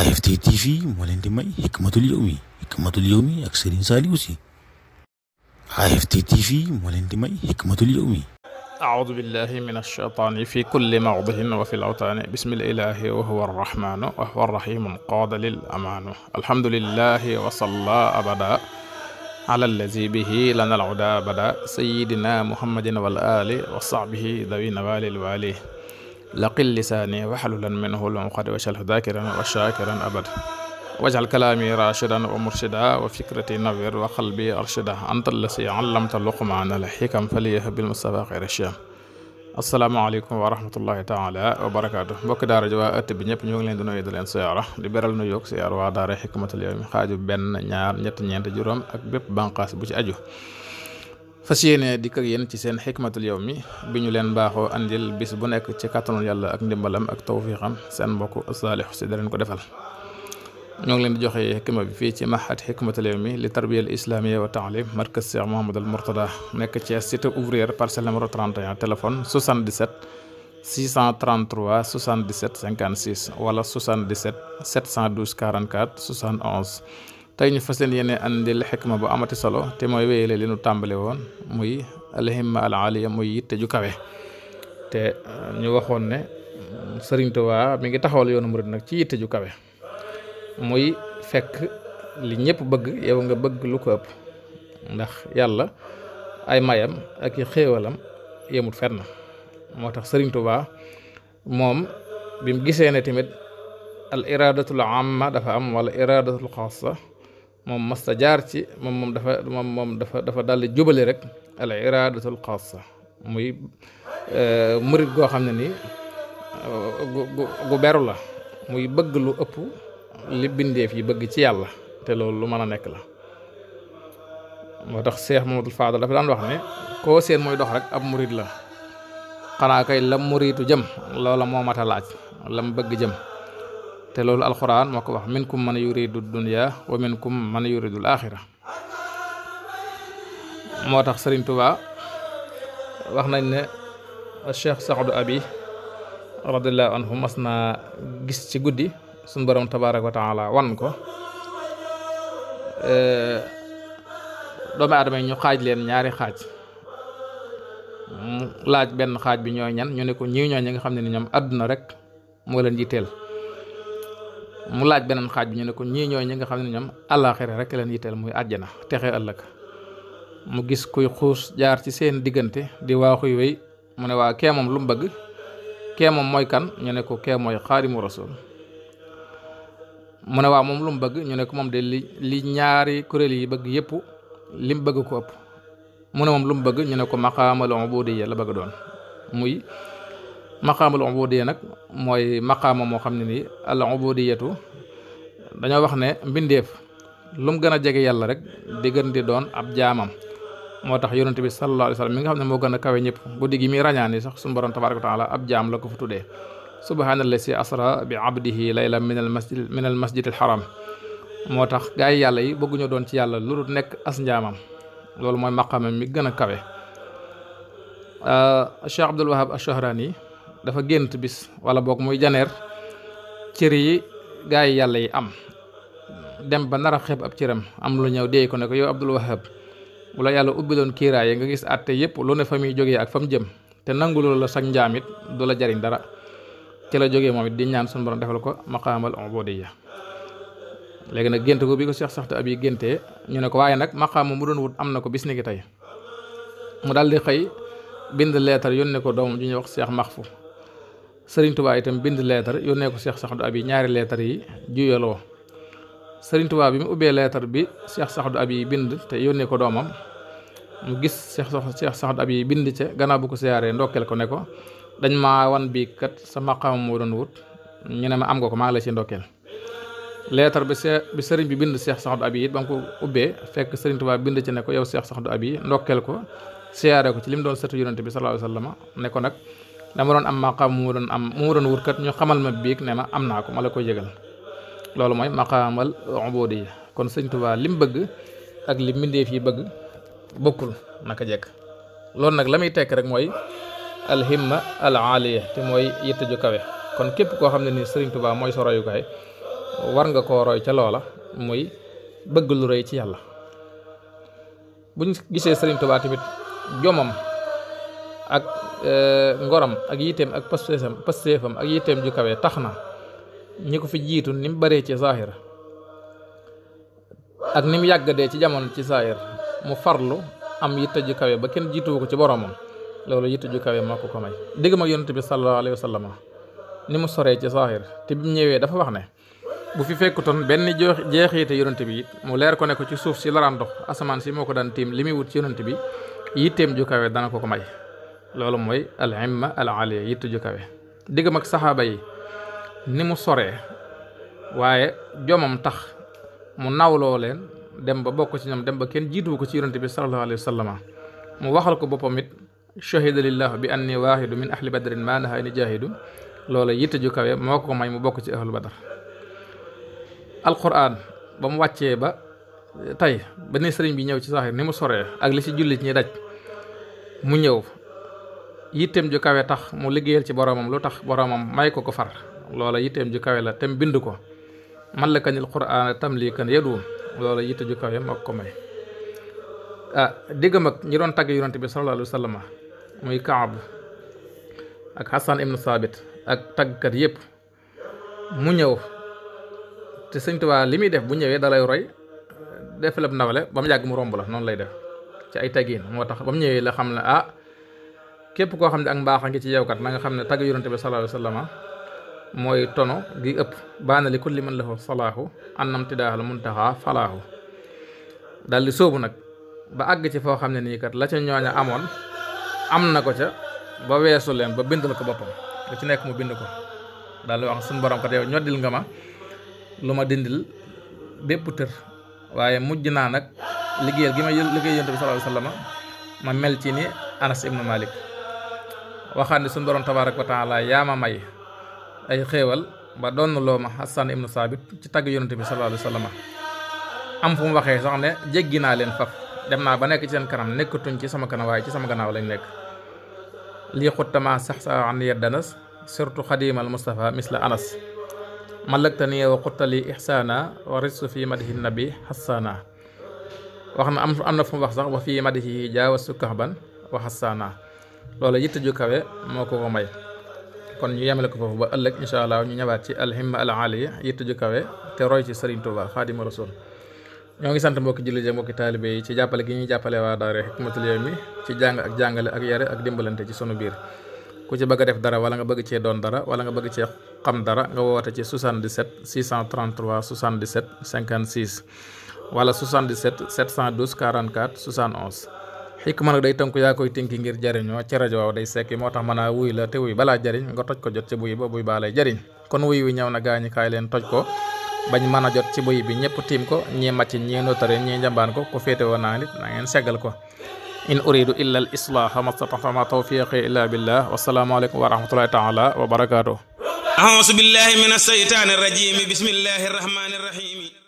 AFT TV moo leen di may Hikmatul Yawmi Hikmatul Yawmi ak Serigne Saliou Sy AFT TV moo leen di may Hikmatul Yawmi aoudu billahi min alcheytaani fi kulli mawdihin wa fi lawtaani bismillahi wa huwa arrahmanu wa huwa arrahimu qaada lil amaanu alhamdulillahi wa salla abada ala allazi bihi lana alhuda abada sayidina muhammadin wal ali wa sahbihi dawi nawalil wali laqil lisaani waxlulan minhu lunqad waj'alhu dhaakiran wa shaakiran abad waj'al kalaami raashidan wa murshida wa fikrati nawwir wa qalbi arshida anta allasi allamta luqmaana al-hikam faliyah bil mustafa xayra shiyam asalaamaaleykum wa rahmatullahi waa ëtt bi ñëpp ñu ngi leen di nuyu di leen siyaara di beral nu yokk siyaar waa daara xikmatul yawmi xaaju benn ñaar ñett ñeent juróom ak bépp bànqaas bu ci aju fas yéene dikk ak yéen ci seen xikmatul yow mi bi ñu leen baaxoo andil bis bu nekk ci kàttanul yàlla ak ndimbalam ak tawfiixam seen mbokk saalix si da leen ko defal ñoo ngi leen di joxe xikma bi fii ci maxat xikmatul yow mi li tarbiyal islamiyya wa taalim markaz Cheikh Mouhamad al Mourtada nekk ci cité ouvrière parcelle numéro 31 téléphone 77 633 77 56 wala 77 712 44 71 tey ñu fas yéene andil xikma bu amati solo te mooy wéyale li nu tàmbale woon muy alhimma al aliya muy yitte ju kawe te uh, ñu waxoon ne Sëriñ Tuubaa mi ngi taxawal yoonu murid nag ci yitte ju kawe muy fekk li ñëpp bëgg yow nga bëgg lu ko ëpp ndax yàlla ay mayam ak i xéewalam yemut fenn moo tax Sëriñ Tuubaa moom bi gisee ne tamit al iradatul amma dafa am wala iradatul xaasa moom masta jaar ci moom moom dafa moom moom dafa dafa dal di jubale rek al iradatul xaasa muy e, murit goo xam ne nii gu gu beru la muy bëgg lu ëpp li bindeef yi bëgg ci yàlla te loolu lu mën a nekk la moo tax Cheikh Mamadou Fadal dafa daan wax ne koo seen mooy dox rek ab murit la xanaa kay lam muritu jëm loola moo mat a laaj lam bëgg jëm te loolu alxuraan moo ko wax minkum man yuridu dunya wa minkum man yuridu alaaxira moo tax sëriñ tubaa wax nañ ne Cheikh Saxdu Abi radiyallahu anhu mas naa gis ci guddi suñu borom tabaaraka wa taala wan ko eh, doomu aadama yi ñu xaaj leen ñaari xaaj mu laaj benn xaaj bi ñoo ñan ñu ne ko ñii ñooy ñi nga xam ne ni ñoom àdduna rek moo leen jiiteel mu laaj beneen xaaj bi ñu ne ko ñii ñooy ñi nga xam ne ñoom àllaaxira rek leen yitteel muy àjjana texe ëllëg mu gis kuy xuus jaar ci seen diggante di waaxuy wéy mu ne waa kee moom lu mu bëgg kee moom mooy kan ñu ne ko kee mooy xaadimu rasul mu ne waa moom lu mu bëgg ñu ne ko moom de li ñaari kuréel yi bëgg yépp li mu bëgg ko ëpp mu ne moom lu mu bëgg ñu ne ko maqaamal ubudiyya la bëgg doon muy maqaamul ubudiya nag mooy maqaama moo xam ne nii al yetu dañoo wax ne mbindeef lu gën a jege yàlla rek di gën di doon ab jaamam moo tax yonent bi sallallahu alayhi wa sallam mi nga xam ne moo gën a kawe ñëpp guddi gi mi ràññaani sax suñu borom tabaraka wa taala ab jaam la ko fa tuddee subhaanallahi si asra bi abdihi layla min al masjid min al masjid al haram moo tax gaa yi yàlla yi bëgguñu doon ci yàlla lu dul nekk as njaamam loolu mooy maqaamam mi gën a kawe Cheikh Abdul Wahab Ash-Shahrani dafa gént bis wala boog muy janeer cër yi gaa yi yàlla yi am dem ba nar a xeeb ab cëram am lu ñëw dee ko ne ko yow Abdul Wahab wala yàlla ubbi doon kiiraay yi nga gis àtte yëpp lu ne fa muy jógee ak fa mu jëm te nangu loolu la sag njaamit it du la jariñ dara ci la jógee moom it di ñaan sunu borom defal ko maqaamal ubudiyya léegi nag gént ko bi ko seex Saxta Abi géntee ñu ne ko waaye nag maqaama mu doon wut am na ko bis ni ki tey mu daal di xëy bind leetar yónnee ko doom ju ñuy wax Cheikh sëriñ tubaa itam bind leetar yónnee ko Cheikh Saxdu ñaari leetar yi juyaloo sëriñ tubaa bi mu ubbee leetar bi Cheikh Saxdu Abi bind te yónnee ko doomam mu gis Cheikh Cheikh Saxdu Abi bind ca gannaaw bu ko siyaaree ndokkeel ko ne ko dañ maa wan bi sa maqaam moo doon wut ñu ne ma am nga ko maa la ci ndokkeel leetar bi see bi sëriñ bi bind Cheikh Saxdu Abi it ba mu ko ubbee fekk sëriñ tubaa bind ci ne ko yow Cheikh Saxdu Abi ndokkeel ko siyaaree ko ci li mu doon sëtu yonante bi sallallahu alayhi wa sallam ne ko nag la doon am maqaam mu ma doon am mu ma doon wut kat ñu xamal ma biig ne ma am naa ko ma la ko yëgal loolu mooy maqaamal ubudiya kon sëñ Tuubaa lim bëgg ak li mbindeef yi bëgg bokkul naka jekk loolu nag la muy tekk rek mooy alhimma al aaliya te mooy yitte kawe kon képp koo xam ne ni sëriñ Tuubaa mooy sa royukaay war nga koo roy ca loola muy bëgg lu rëy ci yàlla buñ gisee sëriñ Tuubaa tamit jomam ak euh, ngorom ak yiteem ak pastéefam pastéefam ak yiteem ju kawe tax na ñi ko fi jiitu ni mu baree ci zaahir ak ni mu yàgg yàggadee ci jamono ci zaahir mu farlu am yitte ju kawe ba kenn jiituwu ko ci boromam loolu yitte ju kawe moo ko ko may dégg ma yonent bi sallallahu alayhi wa sallam ni mu soree ci zaahir te bi mu ñëwee dafa wax ne bu fi fekkutoon benn jeexiite yonent bi it mu leer ko ne ko ci suuf si laraan dox asamaan si moo ko daan tiim li muy wut ci yonent bi yitteem ju kawe dana ko ko may loolu mooy al imma al aliya yitte ju kawe diggam ak saxaaba yi ni mu soree waaye joomam tax mu nawloo leen dem ba bokk ci ñoom dem ba kenn jiituwu ko ci yonante bi sallallahu alayhi mu waxal ko boppam it shahida lillah bi anni waahidu min ahli badrin maa nahaa ni jaahidu loola yitte ju kawe moo ko may mu bokk ci ahlu badar alquran ba mu wàccee ba tey ba ni sëriñ bi ñëw ci saaxir ni mu soree ak li ci jullit ñi daj mu ñëw yitteem ju kawe tax mu liggéeyal ci boromam lu tax boromam may ko ko far loola yitteem ju kawe la te mu bind ko man la kañil quraan tam lii kan yadu loola yitte ju kawe moo ko may ah ñi doon tagg yonante bi sallallahu alayhi muy Kaab ak Hassan ibnu Saabit ak taggkat yëpp mu ñëw te Sëñ Tuubaa li muy def bu ñëwee dalay roy def la nawle ba mu yàgg mu romb la noonu lay def ci ay taggiin moo tax ba mu ñëwee la xam ne ah képp koo xam ne ak mbaax a ngi ci yow kat na xam ne tagg yonante bi sallallahu alayhi mooy tono gi ëpp baana li kulli man lahu salaahu annam tidaaxal muntaxaa falaahu di sóobu nag ba àgg ci foo xam ne nii kat la ca ñooña amoon am na ko ca ba weesu leen ba bindal ko boppam lu ci nekk mu bind ko daldi wax suñu borom kat yow ñoddil nga ma lu ma dindil bépp tër waaye mujj naa nag liggéeyal gi ma liggéey yonante bi sallallahu alayhi ma mel ci ni Anas ibnu waxaat ne suñu borom tabaaraka wa taala yaa ma may ay xéewal ba doon loo ma Hassan ibnu Saabit ci tagg yonante bi sallallahu alayhi wa sallam am fu mu waxee sax ne jéggi naa leen faf dem naa ba nekk ci seen kanam nekkatuñ ci sama kanawaay ci sama gannaaw lañ nekk lii xuttama sax sa an yeddanas surtout xadimal Mustafa misla anas malëktani wa xuttali ixsaana wa ristu fi madihi nabi xassaana wax na am na fu wax sax wa fi madihi jaawastu kahban wa loola yitte ju kawe moo ko ko may kon ñu yemale ko foofu ba ëllëg incha allah ñu ñëwaat ci alhimma al aliya yitte ju kawe te roy ci Serigne Touba Xaadimu Rasuul ñoo ngi sant mbokki jullit yi mbokki taalibe yi ci jàppale gi ñuy jàppale waa daara Hikmatul Yawmi ci jàng ak jàngale ak yare ak dimbalante ci sunu biir ku ci bëgg def dara wala nga bëgg cee doon dara wala nga bëgg cee xam dara nga woote ci 77 633 77 56 wala 77 712 44 71 xikma nag day tënku yaa koy tënki ngir jariñoo ci rajo day sekki moo tax mën a wuy la te wuy balaa jariñ nga toj ko jot ci buy ba buy baa lay jariñ kon wuy wi ñëw na gaañi kaay leen toj ko bañ mën a jot ci buy bi ñëpp tiim ko ñii màcc ñii notare ñii njambaan ko ku féete woon naa nit na ngeen seggal ko in uridu illa al islaaha mastatama tawfiqi illa billah wasalaamualeykum wa rahmatullahi taala wa barakatuh auzu billahi min asheytaani rajim